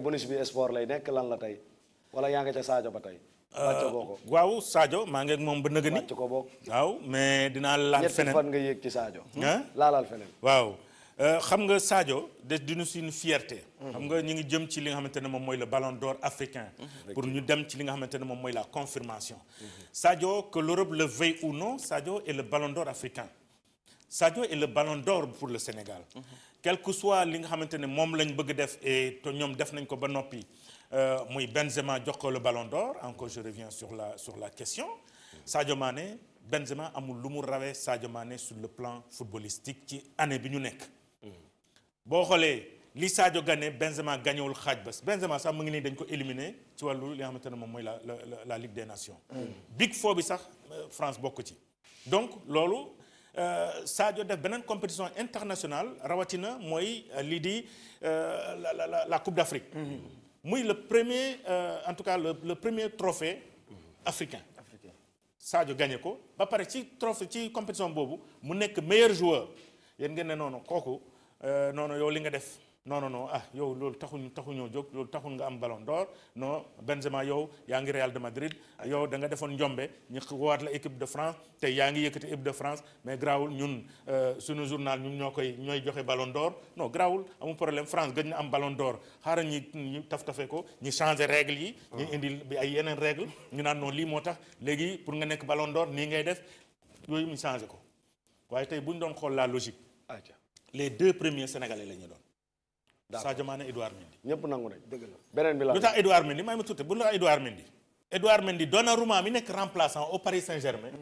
bonus bi sport lay nekk lan la tey wala yaa nga ca Sadio ba tey. Euh, wàcc ko ko waaw Sadio maa ngi moom ba nëgë ni wàcc ko boog waaw mais dinaa laal feneen ñetti fan nga yéeg ci Sadio. Hmm? laalaal feneen waaw. Euh, xam nga saajo de dinu suñu fierté. xam nga ñu ngi jëm ci li nga xamante ne moom mooy le ballon d'or africain. pour ñu dem ci li nga xamante ne moom mooy la confirmation. Sadio que l'Europe le veuille ou non Sadio est le ballon d'or africain. Sadio est le ballon d'or pour le Sénégal. Mhm. quel que soit li nga xamante ne lañ bëgg def et te ñoom def nañ ko ba euh, Benzema jox ko le ballon d'or encore je reviens sur la sur la question Sadio Mané Benzema amul lu mu Sadio Mané sur le plan footballistique ci année bi ñu nekk. Mm. boo xoolee li Sadio gagné Benzema gagnewul xaaj Benzema sax mo ngi nii dañ ko éliminer ci walu li nga la la Ligue des Nations. Mm. Big Four bi sax euh, France bokku ci donc lolu euh, Sadio def benen compétition internationale rawatina moy euh, li di euh, la la la Coupe d'Afrique. Mm-hmm. muy le premier en tout cas le premier trophée mm-hmm. africain. Sadio gagné ko ba pare ci trophée ci compétition bobu mu nek meilleur joueur yéen ngeen ne noonu euh, nono yo li nga def non non non ah yow loolu taxuñu taxuñoo jóg loolu taxul nga am ballon d'or non Benzema yow yaangi Real de Madrid yow da nga defoon njombe ñu waat la équipe de France té yaangi ngi équipe de France mais grawul ñun euh suñu journal ñun ñoo koy ñooy joxe ballon d'or non grawul amul problème France gëj na am ballon d'or xara ñi taf tafé ko ñi changer règle yi ah. ñi indi bi ay yenen règle ñu nan non li motax légui pour nga nek ballon d'or ni ngay def yooyu mu changer ko waaye tay buñ doon xol la logique les deux premiers sénégalais la ñu doon Sadio Mané Edouard Mendy. ñëpp nangu nañ dëgg la beneen lu tax Edouard Mendy may ma tuuti bu la Edouard Mendy. Edouard Mendy Donnarumma mi nekk remplaçant au Paris Saint-Germain.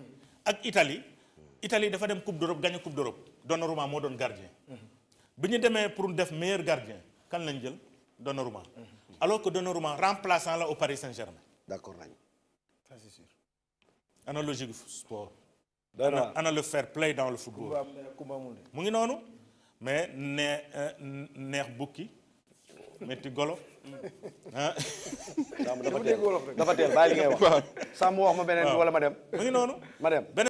ak Italie. Italie dafa dem Coupe d'Europe gagné Coupe d'Europe Donnarumma moo doon gardien. bi ñu demee pour def meilleur gardien kan lañ jël Donnarumma. alors que Donnarumma remplaçant la au Paris Saint-Germain. d'accord nañ. ça c'est sûr. analogie du sport. ana le fair play dans le football. mu ngi noonu. mais nee euh, neex bukki metti golo. Hmm. ah. dafa teel dafa teel bàyyi li ngay wax. sàmm wax ma beneen bi wala ma dem. mu ngi noonu ma dem.